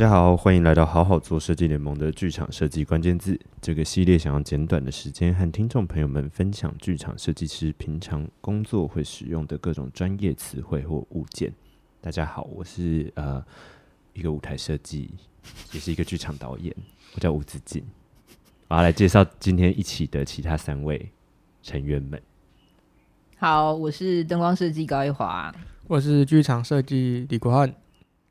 大家好，歡迎來到好好做設計聯盟的劇場設計關鍵字這個系列，想要簡短的時間和聽眾朋友們分享劇場設計師平常工作會使用的各種專業詞彙或物件。大家好，我是呃一個舞台設計，也是一個劇場導演，我叫吳子敬。我要來介紹今天一起的其他三位成員們。好，我是燈光設計高一華，我是劇場設計李國漢。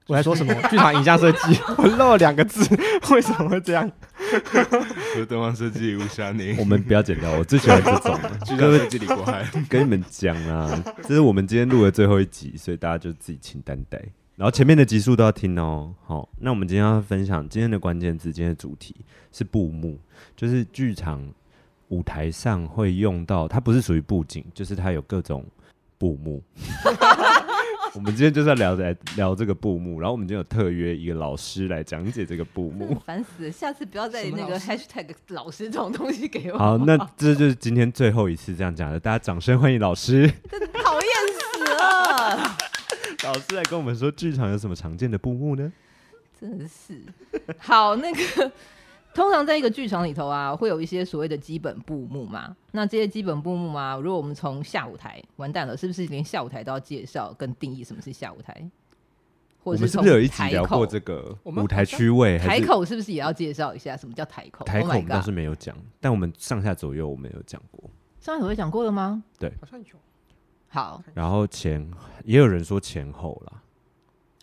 我還說什麼劇 場影像設計？我漏兩個字 為什麼會這樣？ 我是東方設計吳想你。 我們不要剪掉，我最喜歡這種，就是這裡過海。 跟你們講啊，這是我們今天錄的最後一集，所以大家就自己請擔待。 然後前面的集數都要聽哦。好、哦，那我們今天要分享今天的關鍵字，今天的主題是布幕，就是劇場舞台上會用到，它不是屬於布景，就是它有各種布幕。 我們今天就是要聊在聊這個布幕，然後我們今天有特約一個老師來講解這個布幕，煩死！下次不要再那個 #hashtag 老師這種東西給我。好，那這就是今天最後一次這樣講了，大家掌聲歡迎老師。討 厭 死了！ 老師來跟我們說，劇場有什麼常見的布幕呢？真的是好那個。通常在一個劇場裡頭啊，會有一些所謂的基本布幕嘛。那這些基本布幕嘛啊，如果我們從下舞台完蛋了，是不是連下舞台都要介紹跟定義什麼是下舞台，台？我們是不是有一集聊過這個舞台區位？台口是不是也要介紹一下什麼叫台口？台口我們倒是沒有講，但我們上下左右我們有講過。上下左右講過了嗎？對，好像有。好，然後前也有人說前後啦。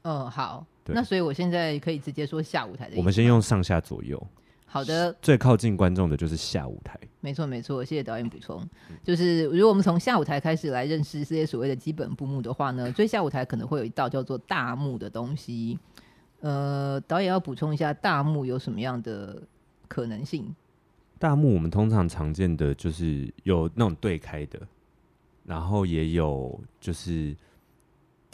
嗯，好，對。那所以我現在可以直接說下舞台的。我們先用上下左右。好的，最靠近觀眾的就是下舞台。沒錯，沒錯，謝謝導演補充。就是如果我們從下舞台開始來認識這些所謂的基本布幕的話呢，最下舞台可能會有一道叫做大幕的東西。呃，導演要補充一下，大幕有什麼樣的可能性？大幕我們通常常見的就是有那種對開的，然後也有就是。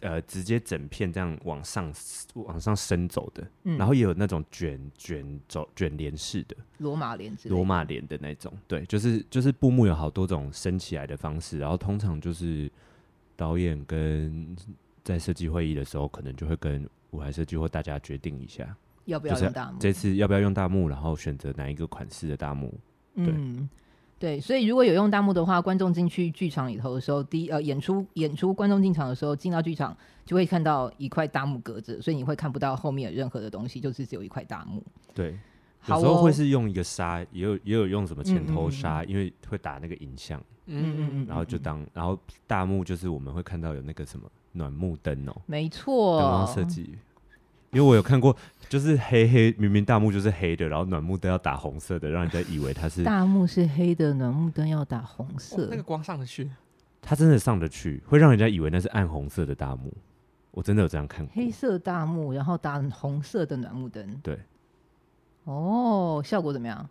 呃，直接整片這樣往上往上升走的，嗯，然後也有那種卷卷走捲簾式的羅馬簾，羅馬簾的那種。對，就是就是布幕有好多種升起來的方式，然後通常就是導演跟在設計會議的時候，可能就會跟舞台設計或大家決定一下要不要用大幕，就是，這次要不要用大幕，然後選擇哪一個款式的大幕。對。嗯對，所以如果有用大幕的話，觀眾進去劇場裡頭的時候，第一呃演出演出觀眾進場的時候，進到劇場就會看到一塊大幕格子，所以你會看不到後面有任何的東西，就是只有一塊大幕。對好、哦，有時候會是用一個紗，也有也有用什麼前頭紗、嗯嗯，因為會打那個影像，嗯嗯，嗯嗯嗯，然後就當然後大幕就是我們會看到有那個什麼暖幕燈哦、喔，沒錯，燈光設計。因為我有看過，就是黑黑明明大幕就是黑的，然後暖幕燈要打紅色的，讓人家以為它是大幕是黑的，暖幕燈要打紅色。哦，那個光上得去？它真的上得去，會讓人家以為那是暗紅色的大幕。我真的有這樣看過，黑色大幕，然後打紅色的暖幕燈。對，哦，效果怎麼樣？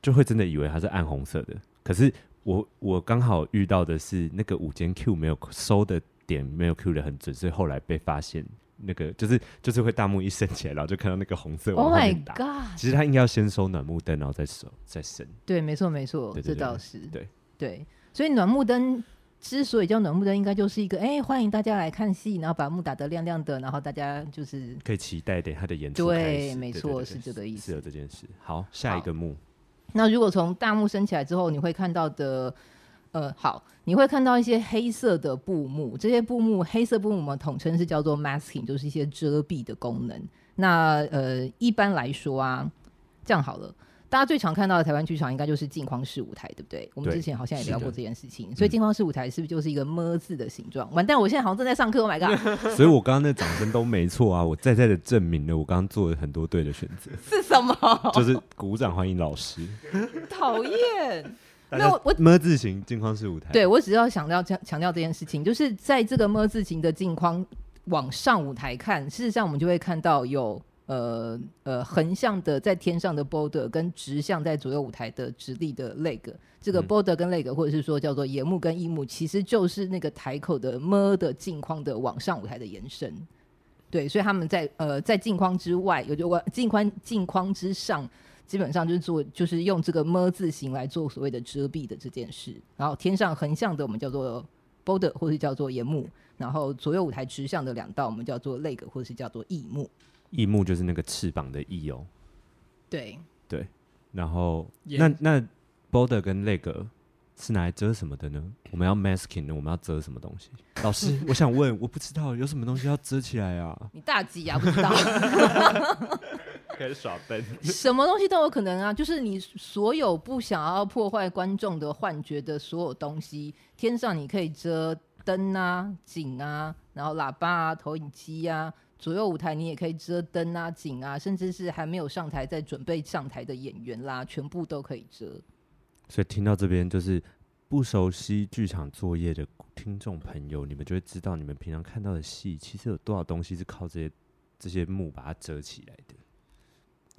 就會真的以為它是暗紅色的。可是我我剛好遇到的是那個五間 Q 沒有收的點沒有 Q 的很準，所以後來被發現。那個就是就是會大幕一升起來，然後就看到那個紅色。Oh my god！其實他應該要先收暖幕燈，然後再收再升。對，沒錯，沒錯，這倒是。對對，對，對，對，所以暖幕燈之所以叫暖幕燈，應該就是一個哎、欸，歡迎大家來看戲，然後把幕打得亮亮的，然後大家就是可以期待點他的演出。對，沒錯，是這個意思。是有這件事。好，下一個幕。那如果從大幕升起來之後，你會看到的。呃，好，你會看到一些黑色的布幕，這些布幕、黑色布幕我們統稱是叫做 masking，就是一些遮蔽的功能。那呃，一般來說啊，這樣好了，大家最常看到的台灣劇場應該就是鏡框式舞台，對不對？我們之前好像也聊過這件事情，所以鏡框式舞台是不是就是一個麼字的形狀？嗯？完蛋，我現在好像正在上課，Oh my God。 所以我剛剛那掌聲都沒錯啊，我再再的證明了我剛剛做了很多對的選擇。是什麼？就是鼓掌歡迎老師。討 厭。那我，我麼字形鏡框式舞台，對，我只要強調強強調這件事情，就是在這個麼字形的鏡框往上舞台看，事實上我們就會看到有呃呃橫向的在天上的 border 跟直向在左右舞台的直立的 leg，這個 border 跟 leg 或者是說叫做沿幕跟翼幕，其實就是那個台口的麼的鏡框的往上舞台的延伸，對，所以他們在呃在鏡框之外，也就說鏡框鏡框之上。基本上就是做，就是用這個 ㄇ 字形來做所謂的遮蔽的這件事。然後天上橫向的我們叫做 border 或者叫做沿幕，然後左右舞台直向的兩道我們叫做 leg 或者是叫做翼幕。翼幕就是那個翅膀的翼哦、喔。對。對。然後、yeah. 那那 border 跟 leg 是拿來遮什麼的呢？我們要 masking，我們要遮什麼東西？ 老師，我想問，我不知道有什麼東西要遮起來啊。你大吉啊，不知道。 什麼東西都有可能啊！就是你所有不想要破壞觀眾的幻覺的所有東西，天上你可以遮燈啊、景啊，然後喇叭啊、投影機啊，左右舞台你也可以遮燈啊、景啊，甚至是還沒有上台在準備上台的演員啦，全部都可以遮。所以聽到這邊，就是不熟悉劇場作業的聽眾朋友，你們就會知道，你們平常看到的戲，其實有多少東西是靠這些這些幕把它遮起來的。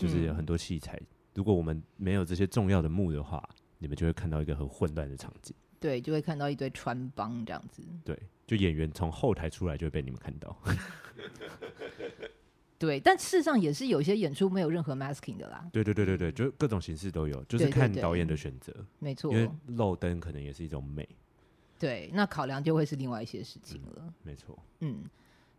就是有很多器材，如果我們沒有這些重要的幕的話，你們就會看到一個很混亂的場景。對，就會看到一堆穿幫這樣子。對，就演員從後台出來就會被你們看到。 對，但事實上也是有些演出沒有任何 masking 的啦。對對對對對，就各種形式都有，就是看導演的選擇。沒錯，因為漏燈可能也是一種美。對，那考量就會是另外一些事情了。嗯，沒錯。嗯。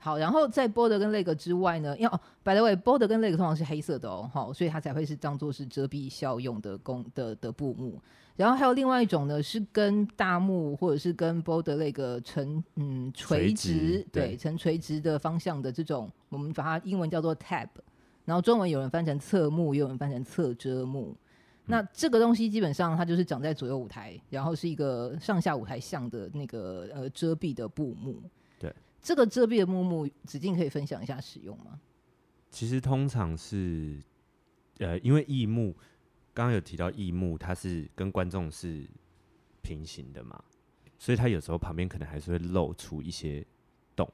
好，然後在 border 跟 leg 之外呢，因為哦、oh, by the way，board 跟 leg 通常是黑色的哦，好、哦，所以它才會是當做是遮蔽效用的工的的布幕。然後還有另外一種呢，是跟大幕或者是跟 border leg 成嗯垂直、垂直對，對，成垂直的方向的這種，我們把它英文叫做 tab，然後中文有人翻成側幕，也有、有人翻成側遮幕、嗯。那這個東西基本上它就是長在左右舞台，然後是一個上下舞台向的那個呃遮蔽的布幕。這個遮蔽的幕幕，子敬可以分享一下使用嗎？其實通常是，呃，因為翼幕，剛剛有提到翼幕，它是跟觀眾是平行的嘛，所以它有時候旁邊可能還是會露出一些洞。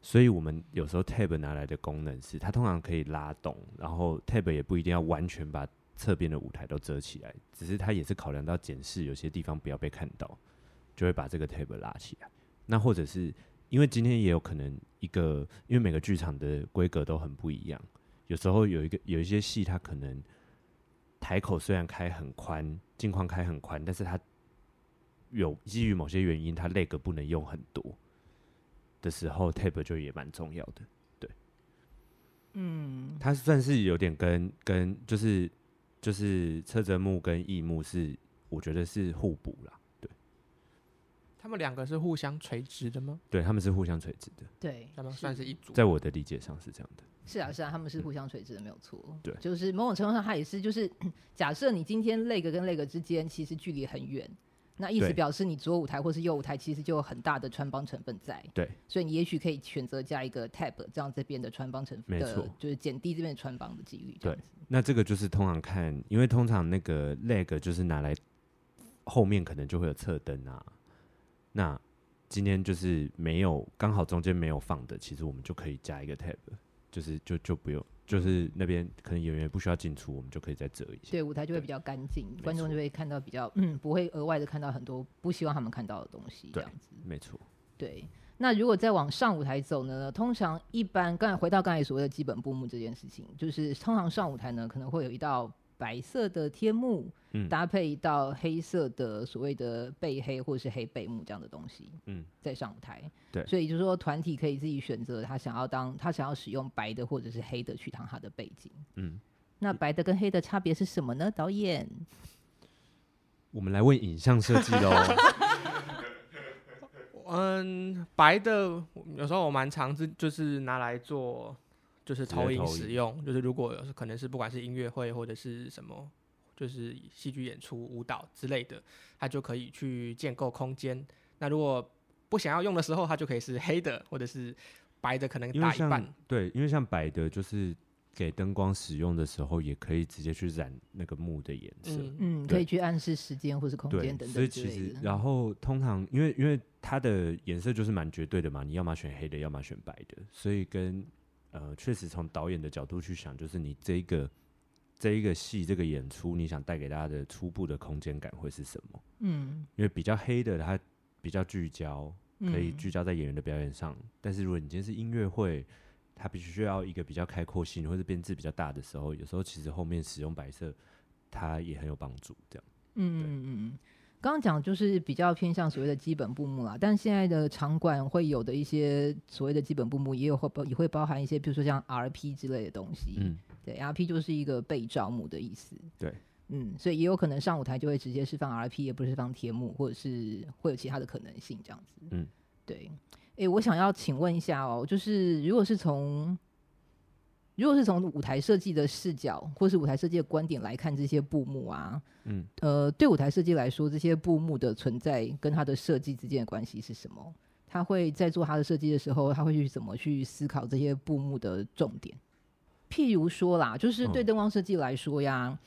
所以我們有時候 tab 拿來的功能是，它通常可以拉動，然後 tab 也不一定要完全把側邊的舞台都遮起來，只是它也是考量到檢視，有些地方不要被看到，就會把這個 tab 拉起來。那或者是因為今天也有可能一個，因為每個劇場的規格都很不一樣，有時候有一個有一些戲，它可能台口雖然開很寬，鏡框開很寬，但是它有基於某些原因，它 leg 不能用很多的時候，tab 就也蠻重要的，對，嗯，它算是有點跟跟就是就是側遮幕跟翼幕是我覺得是互補啦。他們兩個是互相垂直的嗎？對，他們是互相垂直的。對，他們算是一組。在我的理解上是這樣的。是啊，是啊，他們是互相垂直的，嗯、沒有錯。對，就是某種程度上，它也是就是假設你今天 leg 跟 leg 之間其實距離很遠，那意思表示你左舞台或是右舞台其實就有很大的穿幫成分在。對，所以你也許可以選擇加一個 tab，這樣這邊的穿幫成分的，沒錯，就是減低這邊穿幫的幾率。對，那這個就是通常看，因為通常那個 leg 就是拿來後面可能就會有側燈啊。那今天就是沒有剛好中間沒有放的，其實我們就可以加一個 tab，就是就就不用，就是那邊可能演員不需要進出，我們就可以再折一下，對，對舞台就會比較乾淨，嗯，觀眾就會看到比較嗯，不會額外的看到很多不希望他們看到的東西，這樣子沒錯。對，對，那如果再往上舞台走呢？通常一般剛才回到剛才所謂的基本布幕這件事情，就是通常上舞台呢可能會有一道。白色的天幕，嗯，搭配一道黑色的所謂的背黑或者是黑背幕這樣的東西，嗯，在上台，對，所以就是說團體可以自己選擇他想要，當他想要使用白的或者是黑的去當他的背景，嗯，那白的跟黑的差別是什麼呢？導演，我們來問影像設計嘍。嗯，白的有時候我蠻常就是拿來做，就是投影使用，就是如果有可能是不管是音樂會或者是什麼，就是戲劇演出、舞蹈之類的，它就可以去建構空間。那如果不想要用的時候，它就可以是黑的，或者是白的，可能大一半。對，因為像白的，就是給燈光使用的時候，也可以直接去染那個幕的顏色。嗯，嗯可以去暗示時間或是空間等等的。所以其實，然後通常因為因為它的顏色就是蠻絕對的嘛，你要麼選黑的，要麼選白的，所以跟呃，確實從導演的角度去想，就是你這一個這一個戲這個演出，你想帶給大家的初步的空間感會是什麼？嗯，因為比較黑的它比較聚焦，可以聚焦在演員的表演上。嗯、但是如果你今天是音樂會，它必須要一個比較開闊性或者編製比較大的時候，有時候其實後面使用白色它也很有幫助。這樣，嗯對。嗯剛剛講就是比較偏向所謂的基本布幕啦。但現在的場館會有的一些所謂的基本布幕，也有會也會包含一些，譬如說像 R P 之類的東西。嗯、對，R P 就是一個背投幕的意思。對，嗯，所以也有可能上舞台就會直接釋放 R P，也不是放天幕，或者是會有其他的可能性這樣子。嗯、對誒。我想要請問一下哦，就是如果是從如果是從舞台設計的視角，或是舞台設計的觀點來看這些布幕啊，嗯，呃，對舞台設計來說，這些布幕的存在跟它的設計之間的關係是什麼？他會在做他的設計的時候，他會去怎麼去思考這些布幕的重點？譬如說啦，就是對燈光設計來說呀，哦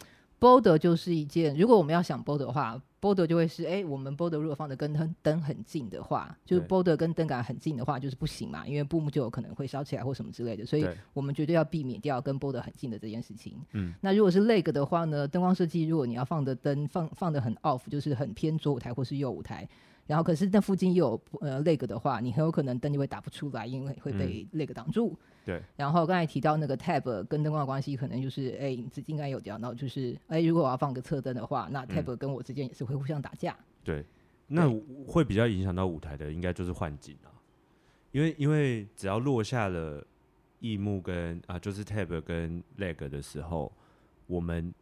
，border 就是一件，如果我們要想 border 的話。border 就會是，哎、欸，我們 border 如果放的跟燈很近的話，就是 border 跟燈杆很近的話，就是不行嘛，因為布幕就有可能會燒起來或什麼之類的，所以我們絕對要避免掉跟 border 很近的這件事情。嗯，那如果是 leg 的話呢，燈光設計如果你要放的燈放放的很 off，就是很偏左舞台或是右舞台，然後可是那附近又有呃 leg 的話，你很有可能燈就會打不出來，因為會被 leg 擋住。嗯對，然後剛才提到那個 tab 跟燈光的關係，可能就是哎，影、欸、子應該有掉。然後就是哎、欸，如果我要放個側燈的話，那 tab 跟我之間也是會互相打架。嗯、對，對，那會比較影響到舞台的，應該就是換景啊。因為因為只要落下了翼幕跟啊，就是 tab 跟 leg 的時候，我們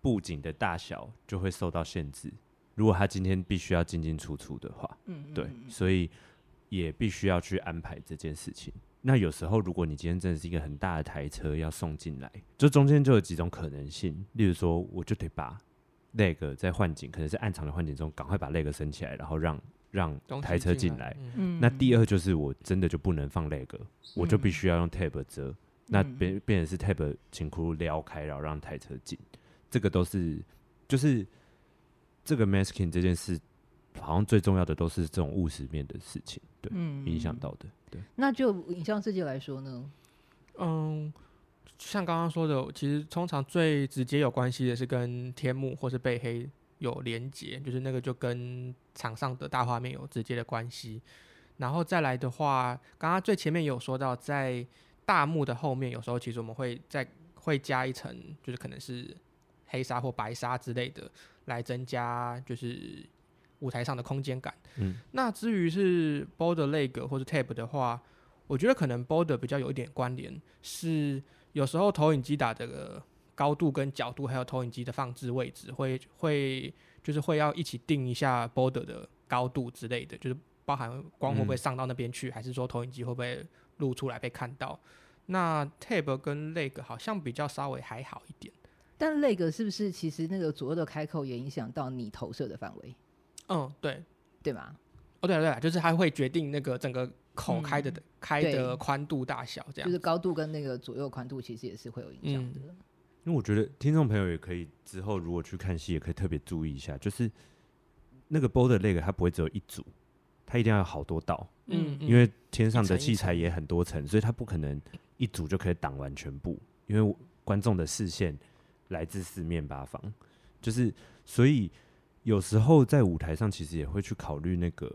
布景的大小就會受到限制。如果他今天必須要進進出出的話，嗯，嗯，嗯，對，所以也必須要去安排這件事情。那有時候，如果你今天真的是一個很大的台車要送進來，這中間就有幾種可能性。例如說，我就得把 leg 在換景，可能是暗場的換景中，趕快把 leg 升起來，然後讓讓台車進來，來、嗯。那第二就是我真的就不能放 leg，、嗯、我就必須要用 tab 遮、嗯。那變變成是 tab 辛苦撩開，然後讓台車進、嗯。這個都是就是這個 masking 這件事，好像最重要的都是這種務實面的事情，對，影、嗯、響到的。那就影像世界來說呢，嗯，像剛剛說的，其實通常最直接有關係的是跟天幕或是背黑有連接。就是那個就跟場上的大畫面有直接的關係。然後再來的話，剛剛最前面也有說到，在大幕的後面，有時候其實我們會再會加一層，就是可能是黑紗或白紗之類的，來增加就是。舞台上的空間感，嗯，那至於是 border leg 或者 tab 的話，我覺得可能 border 比較有一點關聯，是有時候投影機打的高度跟角度，還有投影機的放置位置，會會就是會要一起定一下 border 的高度之類的，就是包含光會不會上到那邊去，嗯，還是說投影機會不會露出來被看到？那 tab 跟 leg 好像比較稍微還好一點，但 leg 是不是其實那個左右的開口也影響到你投射的範圍？嗯，對，對吧。哦，對了、啊，對了、啊，就是它會決定那個整個口開的、嗯、開的開的寬度大小，這樣就是高度跟那個左右寬度其實也是會有影響的。嗯、因為我覺得聽眾朋友也可以之後如果去看戲，也可以特別注意一下，就是那個 Border 的那個，它不會只有一組，它一定要有好多道，嗯，因為天上的器材也很多層，嗯嗯、所以它不可能一組就可以擋完全部，因為觀眾的視線來自四面八方，就是所以。有時候在舞台上，其實也會去考慮那個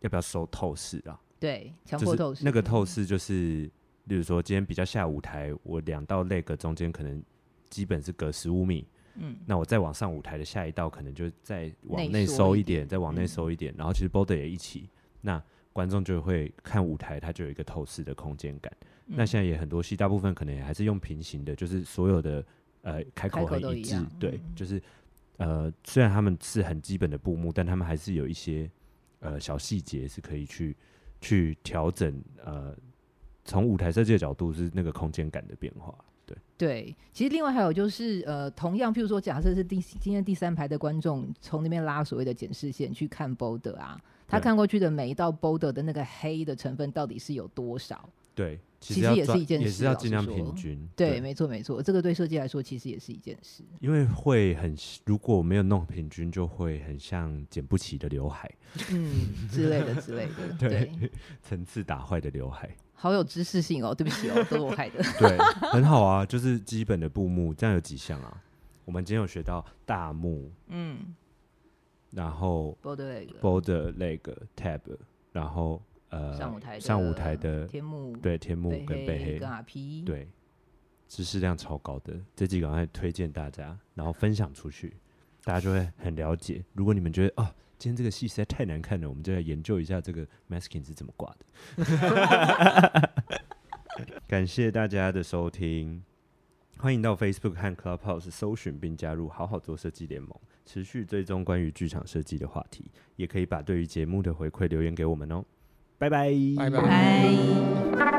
要不要收透視啊對，強迫透視，對，就是那個透視，就是，例如說今天比較下舞台，我兩道 leg 中間可能基本是隔十五米，嗯，那我再往上舞台的下一道，可能就再往內收一點,一點，再往內收一點、嗯，然後其實 border 也一起，那觀眾就會看舞台，它就有一個透視的空間感、嗯。那現在也很多戲，大部分可能也還是用平行的，就是所有的呃開口和一致，對、嗯，就是。呃，雖然他們是很基本的布幕，但他們還是有一些呃小細節是可以去去調整。呃，從舞台設計的角度，是那個空間感的變化。對對，其實另外還有就是，呃，同樣，譬如說，假設是第今天第三排的觀眾從那邊拉所謂的檢視線去看 Border 啊，他看過去的每一道 Border 的那個黑的成分到底是有多少？對，其，其實也是一件事，也是要盡量平均。對，對，沒錯，沒錯，這個對設計來說其實也是一件事。因為會很，如果我沒有弄平均，就會很像剪不齊的劉海，嗯，之類的 之類的。對，層次打壞的劉海，好有知識性哦，喔！對不起，喔，哦， 都是我害的。對， 很好啊，就是基本的布幕，這樣有幾項啊？ 我們今天有學到大幕，嗯，然後 border leg tab，然後。呃，上舞台的，舞台的天幕，對，天幕跟背黑，對，知識量超高的這幾個，還推薦大家，然後分享出去，大家就會很了解。如果你們覺得哦，今天這個戲實在太難看了，我們就來研究一下這個 masking 是怎麼掛的。 感謝大家的收聽，歡迎到 Facebook 和 Clubhouse 搜尋並加入“好好做設計聯盟”，持續追蹤關於劇場設計的話題，也可以把對於節目的回饋留言給我們哦。拜拜，拜拜。